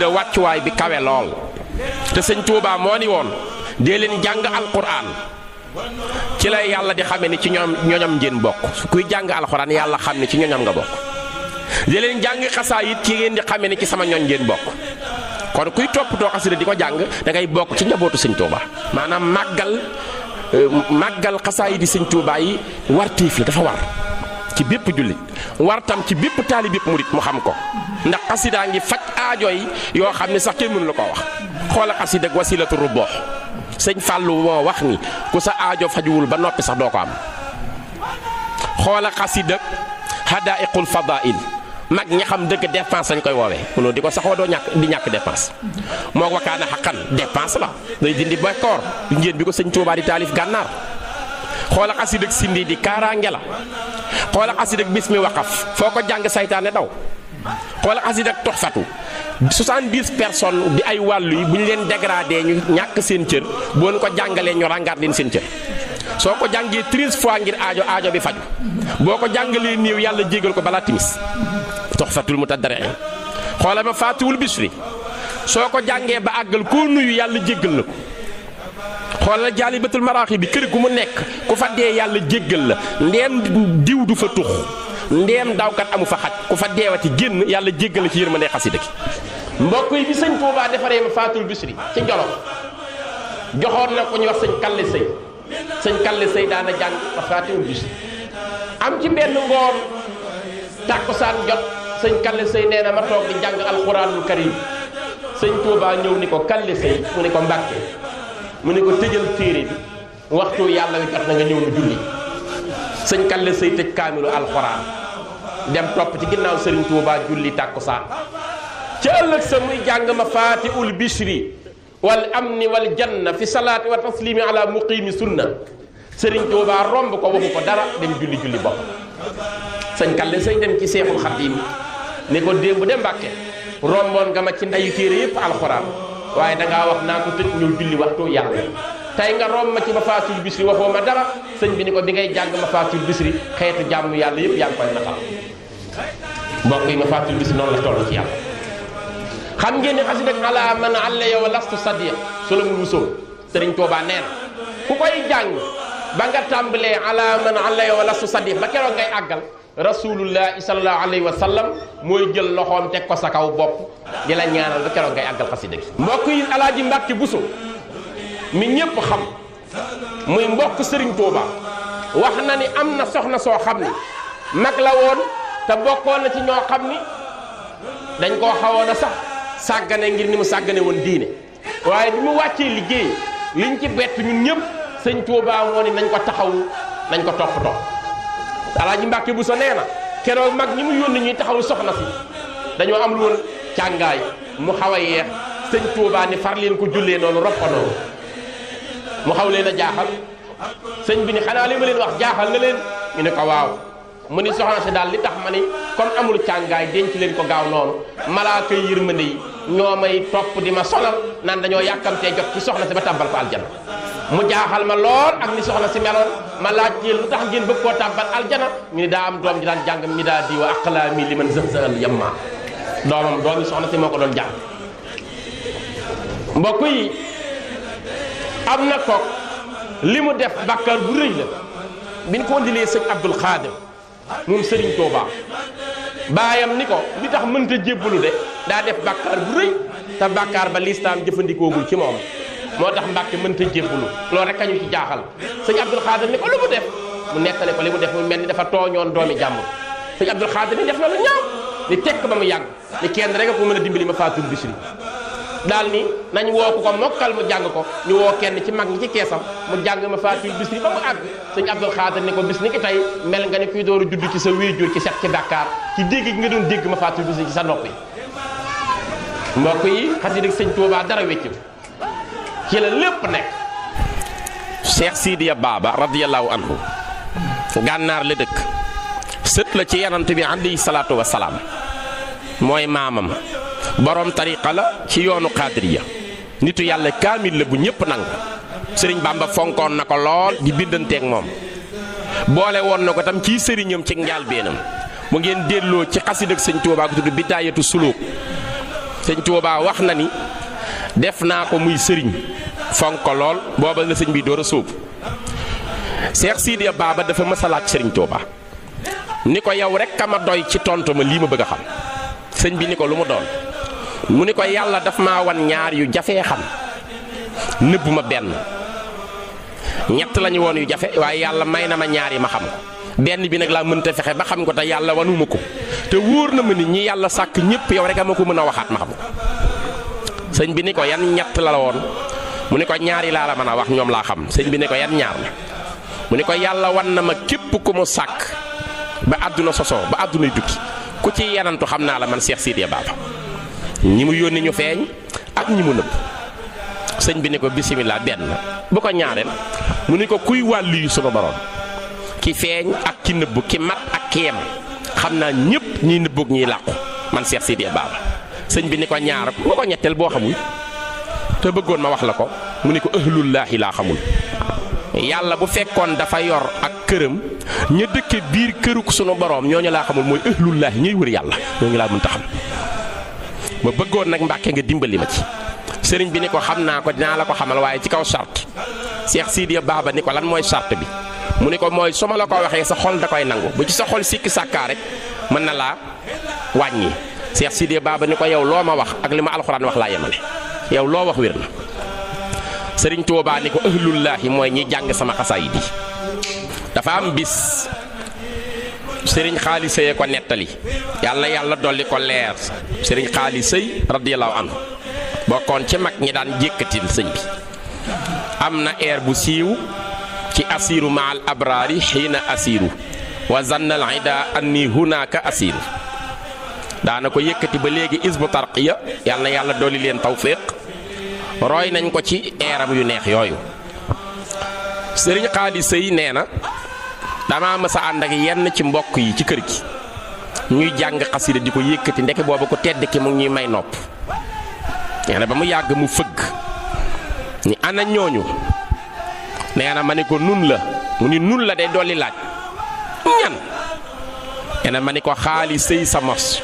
da wàccuwaay bi kawe lool te sëñ Touba moo ni woon dee leen jàng alquran ci lay yàlla di xame ni ci ñoom ñoñam ngeen bokk kuy jàng alquran yàlla xam ne ci ñoñam nga bokk dee leen jàng xasaayit ci ngeen di xame ni ci sama ñoñ ngeen bokk kon kuy topp toppatoo xasida di ko jàng dangay bokk ci njabootu sëñ Touba maanaam màggal euh, màggal xasaayit yi sëñ Touba yi wartiif la dafa war ci bépp jullit wartam ci bépp taalibib mourid mu xam ko ndax qasida ngi fajj aajo yi yoo xam sax kenn mënu la wax xol qasida ak wasilatu rubuh sëñ fallu moo wax ni ku sa aajo fajuwul ba nopi sax do ko am xol qasida hadaiqul fadail mag ñi xam deug dépense lañ koy wowe mënoo diko saxo do ñak di ñak dépense moo wakaana xaqan dépense la day dindi ba koor ngeen bi ko sëñ di talif gannar xoola xasidak sindi di kaaraange la xoola xasidak bismi waqaf foko jang jàng saytaane daw xoola xasidak toxfatu 70 personnes di ay walu buñ len dégrader dégradé ñu ñak seen cër boo ko jàngalee ñu rangaat leen seen cër soko jangé 13 fois ngir aajo aajo bi faju boko ko niw yalla jéggal ko bala timis toxfatul mutadariin xoola ba bisri soko jangé ba àggal ko nuyu yalla jéggal na xoolal jaalibatul maraaxi bi kër gu mu nekk ku fa dee yàlla jéggal la ndeem diw du fa tux ndeem dawkat amu fa xaj ku fa deewati génn yàlla jéggal la ci ma yërmande xasida gi mbokk yi bi sañ Tuubaa defaree ma Fatul Bisri ci Njolof joxoon na ko ñu wax sañ Kalle Sëy sëñ Kalle Sëy daana jàng ma Fatul Bisri am ci benn ngoon tàkkusaan jot sëñ Kalle Sëy nee na ma toog di jàng alxuraanul karim sëñ Tuubaa ñëw ni ko Kalle Sëy mu ko Mbàkke mu ne ko tëjal téré bi waxtu yalla wi jot na nga ñew julli señ sey tej kamilu alquran dem top ci ginnaw señ touba julli takusa ci ëlëk sa muy jang ma wal amni wal janna fi salati wa taslimi ala muqimi sunna señ touba romb ko waxu ko dara dem julli julli bopp señ kalle sey dem ci cheikhul khatim ne ko dembu dem bakke rombon nga ma ci yépp alquran waaye da ngaa wax naa ko tëj ñëw julli waxtu yàlla tey nga rom ma ci ma faasul bisri waxoo ma dara sëñ bi ni ko bi ngay jàng ma faasul bisri xeetu jàmm yàlla yëpp yaa ngi koy natal mbokk yi ma faasul bisri noonu la toll ci yàlla xam ngeen ni ak ala man alla yow lastu sadiq solo mu musoo sëriñ Tuubaa nee ku koy jàng ba nga tàmbalee ala man alla yow lastu sadiq ba keroog ngay àggal rasulullahi sallallahu alayhi wa sallam mooy jël loxoom teg ko sa kaw bopp di la ñaanal ba keroog ngay àggal xasida gi mbokk yi alaaji Mbàkke Buso mi ñépp xam muy mbokk sëriñ Touba wax na ni am na soxna soo xam ni mag la woon te bokkoon na ci ñoo xam ni dañ koo xawoon a sax sàggane ngir ni mu sàggane woon diine waaye bi mu wàccee liggéey liñ ci bett ñun ñëpp sëñ Touba moo ni nañ ko taxawu nañ ko toppatoo alaaji Mbàkke bu sa nee na keroog mag ñi mu yónni ñuy taxaw soxna si dañoo am lu woon càngaay mu xaw a yeex sëñ Tuubaa ni far leen ko jullee noonu roppanoo mu xaw leen a jaaxal sëñ bi ni xanaa li ma leen wax jaaxal na leen ñu ne ko waaw mu ni soxna daal li tax ma ni comme amul càngaay denc leen ko gaaw noonu malaaka ma yi ñoo may topp di ma sonal naan dañoo yàkkamtee jot ci soxna si ba tàbbal ko aljana mu jaaxal ma lool ak ni soxna si meloon ma laaj yéen lu tax ngeen bëgg koo tàbbal aljana ñu ni daa am doom ji daan jàng mi daa di wa aqlaami li man zëhzëhal yamma doomam doomi soxna si moo ko doon jàng mbokk yi am na kook li mu def bàkkaar bu rëy la bi ñu ko indilee sëñ Abdul Xaadir moom sëriñ Touba baayam ni ko li tax mënta jébbalu de daa def bàkkaar bu rëy bàkkaar ba lislaam jëfandikoogul ci moom moo tax Mbàkke mënta jébbalu loolu rek kañu ci jaaxal sëñ Abdul Xaadir ni ko lu mu def mu nettali ko li mu def mu mel ni dafa tooñoon doomi jàmbur sëñ Abdul Xaadir ni def na lu ni tekk ba mu yàgg ni kenn rek a ko mën a dimbali ma faatul bisri daal ni nañ woo ko ko mokkal mu jàng ko ñu woo kenn ci mag ñi ci keesam mu jàng ma faatul bisri ba mu àgg sëñ Abdul Xaadir ni ko bis ni ki tey mel nga ni kuy dooru judd ci sa wéejur ci set ci Dakar ci dégg gi nga doon dégg ma faatul bisri ci sa nopp yi mbokk yi xasida sëñ Tuubaa dara wéccu ci la lepp nek cheikh sidi baba radiyallahu anhu gannar le dekk seut la ci yanant bi alayhi salaatu wasalaam mooy maamam borom tariqa la ci yoonu qadiriya nitu yalla kamil le bu ñepp nang serigne bamba fonkon nako lol di bindante ak mom bolé won nako tam ci sëriñam ci njaal benam mu ngeen delo ci xasid ak sëñ ko tuddu bidaayatu suluk serigne touba wax na ni def naa ko muy serigne fonk lool booba na sëñ bi door a suub Cheikh Sidiya Baba dafa mës a laaj ni ko yow rek ka ma doy ci tonto ma lii ma bëgg a xam sëñ bi ni ko lu mu doon mu ni ko yàlla daf ma wan ñaar yu jafee xam nëbbu ma benn ñett lañu woon yu jafe waaye yàlla may na ma ñaar yi ma xam ko benn bi nag laa mënta fexe ba xam ko te yàlla wanu ma ko te wóor na ma ni ñi yàlla sàkk ñëpp yow rek a ma ko mën a waxaat ma xam ko sëñ bi ni ko yan ñett la la woon. mu ne ko ñaari la la mën wax ñom la xam señ bi ne ko yan ñaar ko yalla wan na ma képp ku mu sak ba aduna soso ba aduna dukki ku ci yanantu xam naa la man cheikh sidia baba ñi mu yónni ñu feñ ak ñi mu nëbb sëñ bi ne ko bismillah ben bu ko ñaarel mu ne ko kuy walli yu sunu borom ki feñ ak ki neub ki mat ak ki yem man cheikh sidia baba señ bi ne ko ñaar bu ko ñettel bo xamul te beggon ma wax la ko muniko ne ko ëhlullaahi laa xamul yàlla bu fekkoon dafa yor ak këram ña dëkke biir këruk sunu borom ñoñu la xamul mooy ëhlullaahi ñuy wër yàlla ñooñu la mën taxam ma bëggoon nak mbacké nga dimbali ma ci sëriñ bi niko xamna ko dina la ko xamal waaye ci kaw charte cheikh sidia baba niko lan moy charte bi muniko moy suma la ko sa xol da koy nangu bu ci sa xol sikki rek mën na la wañi cheikh sidia baba niko yow lo ma wax ak lima alcorane wax la yow lo wax wirna sëriñ Tuubaa ni ko ahlullaahi mooy ñi jàng sama xasaay bi dafa am bis sëriñ xaali ko nettali yàlla yàlla dolli ko leer sëriñ xaali sëy anhu bokkoon ci mag ñi daan jékkatil sëñ bi am na air bu siiw ci asiiru ma al abraari xiina asiiru wa zannal ida anni asiiru daana ko yëkkati ba léegi isbu tarqiya yàlla yàlla dolli leen tawfiq roy nañ ko ci eeram yu neex yooyu sëriñ xaali sëy nee na dama mës a ànd ak yenn ci mbokk yi ci kër gi ñuy jàng xasida di ko yëkkati ndeke booba ko tedd ki mu ngi ñuy may nopp nee na ba mu yàgg mu fëgg ni ana ñooñu nee na ma ne ko nun la mu ni nun la day dolli laaj ñan nee na ma ni ko xaali sëy sa mos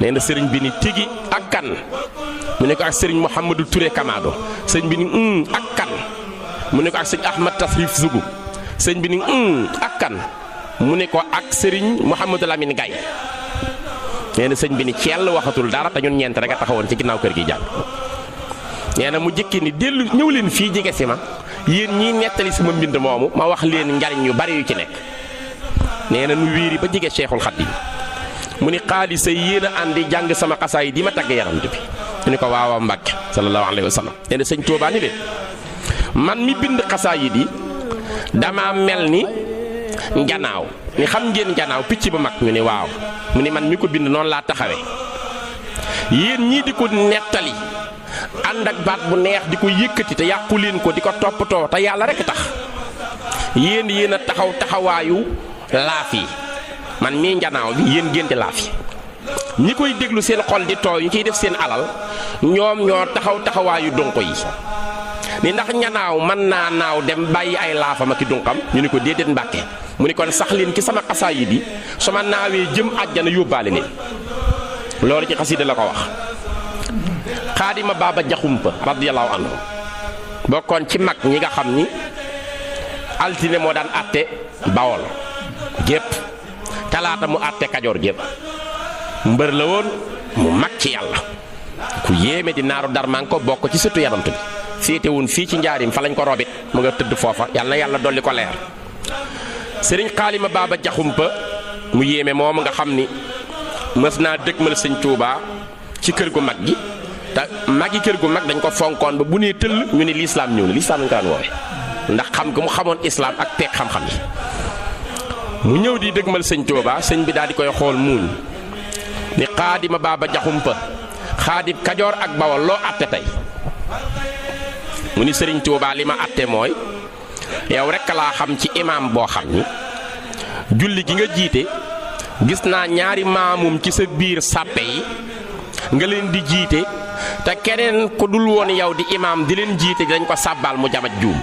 nee na sëriñ bi ni tigi ak kan mu ne ak serigne mouhamadou touré kamado serigne bi ni hmm ak kan mu ak serigne ahmad tasrif zugu serigne bi ni hmm ak kan mu ne ak serigne mohammed lamine gay neena serigne bi ni ciel waxatul dara ta ñun ñent rek taxawon ci ginaaw kër gi jang neena mu jikki ni delu ñew leen fi jige sima yeen ñi netali sama mbind momu ma wax leen ngariñ yu bari yu ci nek neena nu wiri ba jige cheikhul khadim muni qalisa andi jang sama qasay di ma tagge yaram bi ñu ko waawaaw Mbàkke sallallahu alayhi wa sallam nee na sëñ de man mi bind xasaayid yi dama mel ni njanaaw ni xam ngeen njanaaw picc bu mag ñu ni waaw mu ni man mi ko bind noonu laa taxawe yéen ñii di ko nettali ànd ak baat bu neex di ko yëkkati te yàqu leen ko di ko toppatoo te yàlla rek tax yéen yéen a taxaw taxawaayu laaf yi man mii njanaaw bi yéen ngeen di laaf yi ñi koy déglu seen xol di tooy ñu ciy def seen alal ñoom ñoo taxaw taxawaayu donk yi ni ndax ñanaaw mën naa naaw dem bàyyi ay laafam ak i dunkam ñu ni ko déedéet mbàkke mu ni kon sax leen ci sama xasaayid yi su ma naawee jëm àjjana yóbbaale leen loolu ci xasida la ko wax xaadima baaba jaxumpa radiyallahu anhu bokkoon ci mag ñi nga xam ni altine moo daan àtte bawol gépp talaata mu àtte kajoor gépp mbër la woon mu mag ci yàlla ku yéeme di naaru darman ko bokk ci sëtu yaramtu bi féete fii ci njaariñ fa lañ ko robit mu nga tëdd foofa yàlla na yàlla dolli ko leer sëriñ xaalima baaba jaxumpa mu yéeme moomu nga xam ni mës naa dëgmal sëñ Tuubaa ci kër gu mag gi te mag yi kër gu mag dañ ko fonkoon ba bu nee tëll ñu ni lislaam ñëw na lislaam lañ ko woowe ndax xam gu mu xamoon islaam ak teeg xam-xam yi mu ñëw di dëgmal sëñ Tuubaa sëñ bi daal di koy xool muuñ ni xaadima baaba jaxumpa xaadib kajoor ak bawol loo àtte tey mu ni sëriñ Tuubaa li ma àtte mooy yow rekk laa xam ci imaam boo xam ni julli gi nga jiite gis naa ñaari maamum ci sa biir sàppe yi nga leen di jiite te keneen ko dul woon yow di imaam di leen jiite dañ ko sàbbaal mu jamat juum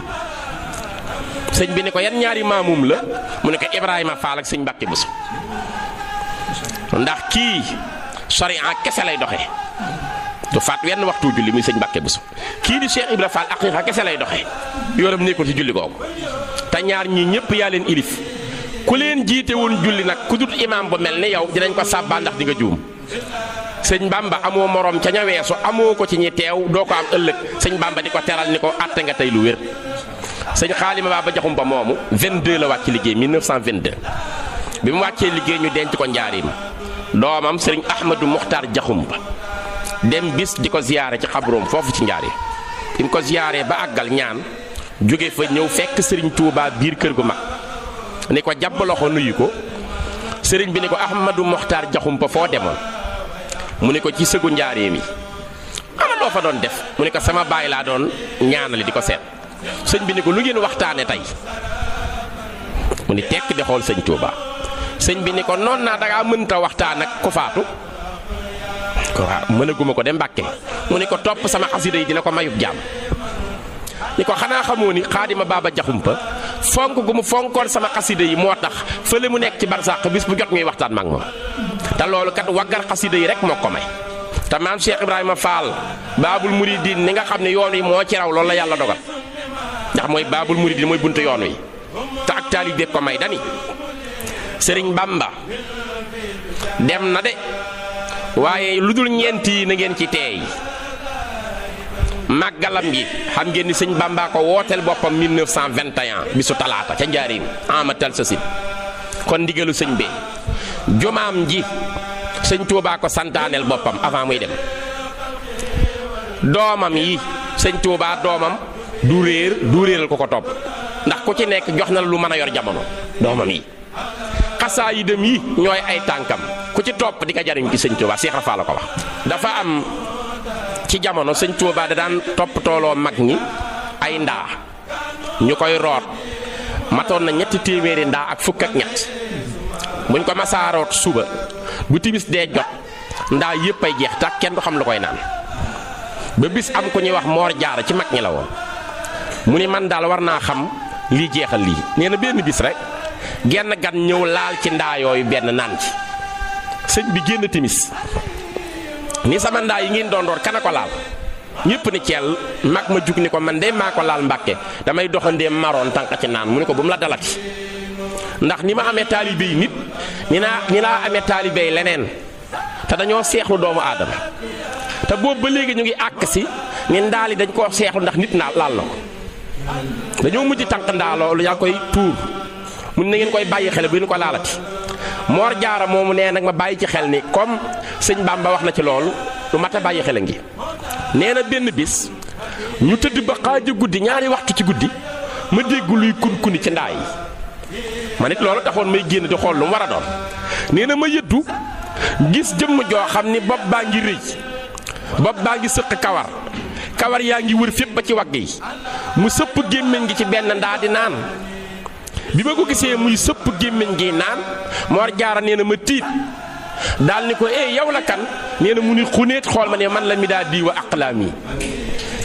sëñ bi ne ko yan ñaari maamum la mu ne ko Ibrahima Faal ak sëñ Mbàkke Buso ndax kii sariya kese lay doxe du faat wenn waxtu julli muy sëñ Mbàkke Buso kii di Cheikh Ibra Fall aqiqa kese lay doxe yoonam ko ci julli googu te ñaar ñii ñëpp yaa leen ilif ku leen jiite woon julli nag ku dut imaam bu mel ni yow dinañ ko sàbbaa ndax di nga juum sëñ ba amoo moroom ca ña weesu amoo ko ci ñi teew doo ko am ëllëg sëñ Bamba di ko teral ni ko àtte nga tey lu wér sëñ xaalima baa ba jaxum ba moomu 22 la wàcc liggéey 1922 bi mu wàccee liggéey ñu denc ko njaarim doomam sëriñ Ahmadou Muxtaar Jaxumba dem bis di ko siyaare ci xabroom foofu ci njaare bi mu ko ziyaaree ba àggal ñaan jóge fa ñëw fekk sëriñ Touba biir kër gu mag mu ni ko jàpp loxo nuyu ko sëriñ bi ni ko Ahmadou Muxtaar Jaxumba foo demoon mu ni ko ci sëgu njaaree mi ana loo fa doon def mu ni ko sama baay laa doon ñaanale di ko seet sëñ bi ni ko lu ngeen waxtaane tey mu ni tekk di xool sëñ Touba. sëñ bi ni ko noon naa dangaa mënta waxtaan ak ko faatu waaw mënaguma ko de mbàkke mu ni ko topp sama xasida yi dina ko mayub jaam ni ko xanaa xamoo ni xaadima baaba jaxumpa fonk gu mu fonkoon sama xasida yi moo tax fële mu nekk ci barsàq bis bu jot ñuy waxtaan mag moom te loolu kat waggar xasida yi rek moo ko may te maam ibraahima Ibrahima Fall baabul muridin ni nga xam ne yoon wi moo ci raw loolu la yàlla dogal ndax mooy baabul muridin mooy buntu yoon wi te sering bamba dem na de waye lu ñenti na ngeen ci tey magalam gi xam ngeen ni sëñ bamba ko wotel bopam 1921 bisu talata ca njaarim amatal sasin kon digelu sëñ be jomam ji sëñ tuuba ko santanel bopam avant muy dem domam yi sëñ tuuba domam du reer du reeral ko ko top ndax ku ci nek jox na lu yor jamono domam yi xasaayidam yi ñoy ay tankam ku ci top di ka jariñ ci sëñ touba cheikh Rafaa ko wax dafa am ci jamono sëñ touba da daan top tolo mag ñi ay nda ñukoy rot maton na ñetti téméré nda ak fukk ak ñett buñ ko rot suba bu timis de jot nda yépp ay jeex tak kenn du xam lu koy naan ba bis am ku ñi wax mor jaar ci mag ñi la woon mune ni man dal warna xam li jeexal li neena benn bis rek genn gan ñëw laal ci ndaa yooyu benn naan ci sëñ bi génn timis ni sama ndaa yi ngeen doon door kana ko laal ñëpp ni ceel mag ma jug ni ko man de maa ko laal mbàkke damay doxandee maroon tànq ci naan mu ne ko bu mu la dalati ndax ni ma amee taalibe yi nit ni naa ni laa amee taalibe leneen te dañoo seexlu doomu aadama te boobu ba léegi ñu ngi àkk si ni ndaal yi dañ koo seexlu ndax nit naa laal na ko dañoo mujj tànq ndaaloo lu yaa koy tuur mun na ngeen koy bàyyi xele bu ñu ko laalati moor jaara moomu nee nag ma bàyyi ci xel ni comme sëñ Bamba wax na ci loolu lu mat bàyyi xel a ngi nee na benn bis ñu tëdd ba xaaja guddi ñaari waxtu ci guddi ma dégg luy kun ci ndaa yi ma nit loolu taxoon may génn di xool lu mu war a doon nee na ma yëddu gis jëmm joo xam ni bopp baa ngi rëy bopp baa ngi sëq kawar kawar yaa ngi wër fépp ba ci wagg yi mu sëpp gémmiñ gi ci benn ndaa di naan bi ma ko gisee muy sëpp gémmiñ gi naan Mor Jaara nee na ma tiit daal ne ko eh yow la kan nee na mu ni xuneet xool ma ne man la mi daa di wa aqlaam yi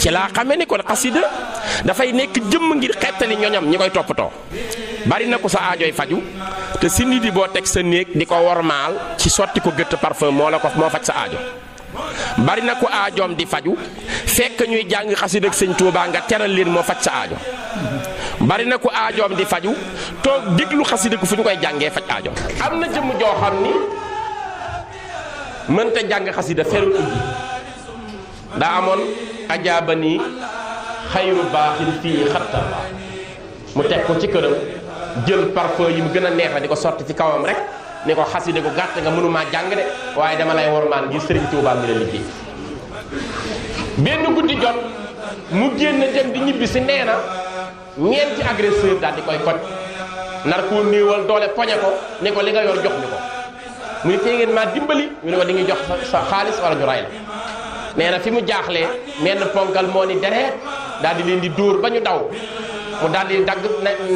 ci laa xamee ni kon xasida dafay nekk jëmm ngir xettali ñoñam ñi koy toppatoo bari na ko sa aajooy faju te si nit boo teg sa néeg di ko wormaal ci sotti ko gëtt parfum moo la ko moo faj sa aajo bari na ko aajoom di faju fekk ñuy jàng xasida ak sëñ Touba nga teral leen moo faj sa aajo bari na ko aajoom di faju toog déglu xasida ko fu ñu koy jàngee faj aajoom am na jëmm joo xam ni mënta jàng xasida ferul ubbi daa amoon ajaaba nii xayru baaxin fii xatta mu teg ko ci këram jël parfum yi mu gën a neex di ko sotti ci kawam rek ne ko xaside ko gàtt nga mënuma jang de waye dama lay man gi serigne touba ngi la benn guddi jot mu genn dem di ñibbi ci neena na ñeenti agresseur dal di koy koj nar ko néewal doole poñe ko ne ko li nga yor jox ñu ko mu ne tee dimbali ñu ne ko di ngi jox sa xaalis wala ñu ray la nee fi mu jaaxlee menn ponkal mo ni dere dal di leen di door bañu daw mu dal di dag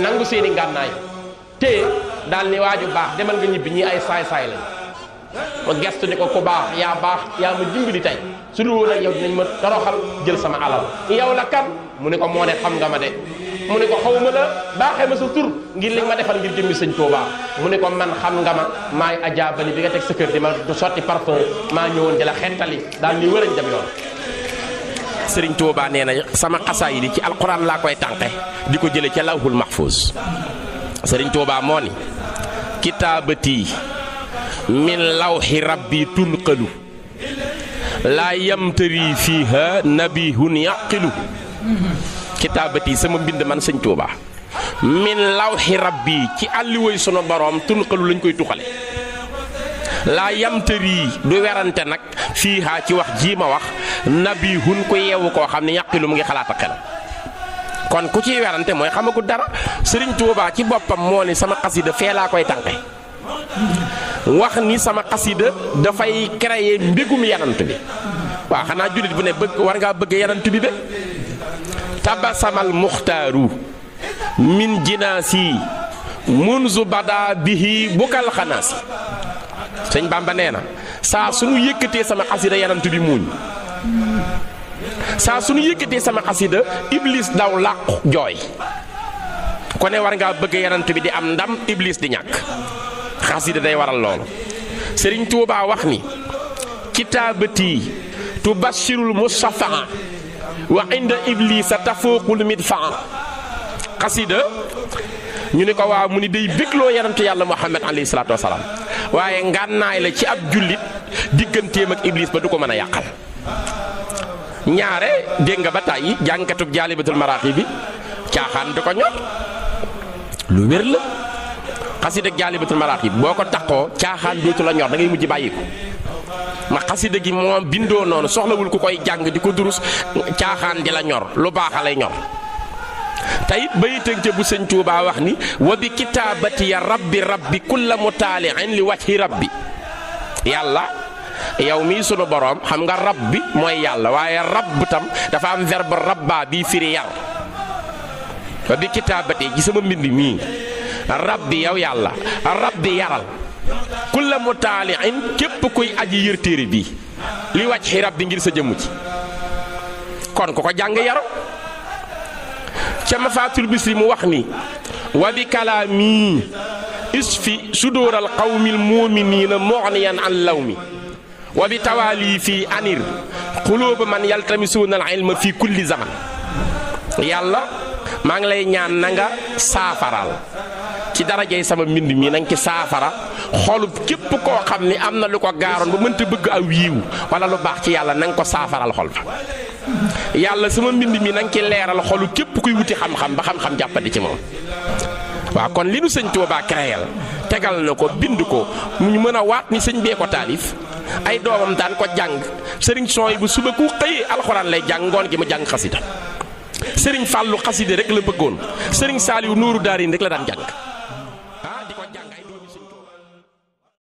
nangu seeni ngànnaay té dal ni waju bax demal nga ñibbi ñi ay say say la ko gestu ni ko ku bax ya bax ya mu dimbali tay su ak yow dinañ ma toroxal jël sama alal yow la kan mu ne ko mo ne xam nga ma de mu ne ko xawma la baxé ma su tur ngir li ma defal ngir jëmmi señ toba mu ne ko man xam nga ma may ajaabali bi nga tek sa kër di ma do soti parfum ma ñewon di xentali ni wërañ dem yoon Touba sama kasai yi Al ci alquran laa koy tànqe di ko jële lawhul serigne touba moni kitabati min lawhi rabbi tunqalu la yamtari fiha nabihun yaqilu kitabati sama bind man serigne touba min lawhi rabbi ci alliway sunu borom tunqalu lañ koy tuxale la yamtari du werante nak fiha ci wax ji ma wax nabihun ko yewu ko xamni yaqilu mu ngi xelam kon ku ci werante moy xamagul dara serigne Touba ci bopam mo ni sama qasida fe la koy tànqe wax ni sama da fay créer mbegum yanant bi wa xana julit bu ne bëgg war nga bëgg yanant bi de tabasamal mukhtaru min jinasi, munzu bada bihi bukal khanas sëñ bamba neena sa saa sunu sama qasida yanant bi muñ sa suñu yëkkatee sama xasida iblis daw làqu joy ko ne war nga bëgg yonent bi di am ndam iblis di ñak xasida day waral lool serigne touba wax ni kitabati tubashirul mustafa wa inda iblis tafuqul midfa xasida ñu ne ko wa mu ni day bégloo yonent yalla muhammad alayhi salaatu wasalaam waye ngannaay la ci ab julit digeentem ak iblis ba du ko mën ñaare deng ba tay jànkatub jalibatul maraqibi bi du ko ñor lu wer la qasida jalibatul maraqib boko takko takkoo caaxaan dootu la ñor da ngay mujj bayiko ma qasida gi bindo non soxla wul ku koy jang diko durus caaxaan di la ñor lu baax lay ñor tayit tek ca bu seigne touba wax ni wa bi kitabati ya rabbi rabbi kullu mutali'in li wajhi rabbi yalla ya yow mii sunu boroom xam nga rab bi mooy yàlla waaye rab tam dafa am verbe rabba bii firi yar wa bi kitaabati ci sama mbind mii rab bi yow yàlla rab bi yaral kulla mu taali in képp kuy aji yër bii li wàcc xi rab bi ngir sa jëmm ci kon ku ko jàng yaru ca mafaatul bisri mu wax ni wa bi kalaami isfi sudóoral qawmil muuminiina moxniyan an law mi wa bi tawaali fii anir xuluuba man yaltamisuuna al ilma fii kulli zaman yàlla maa ngi lay ñaan na nga saafaraal ci darajey sama mbind mi na nga ci saafara xolub képp koo xam ni am na lu ko gaaroon ba mën mënta bëgg aw yiiw wala lu baax ci yàlla na ko saafaral xol ba yàlla sama mbind mi na nga ci leeral xolu képp kuy wuti xam-xam ba xam-xam jàppandi ci moom waaw kon li nu sëñ Tuubaa créel tegal na ko bind ko muñ mën a waat ni sëñ bee ko taalif ay doomam daan ko jàng sëriñ sooy bu suba ku xëyee alxuraan lay jàng ngoon gi mu jàng xasida sëriñ fàllu xasida rek la bëggoon sëriñ saaliw nuuru daarin rek la daan jàng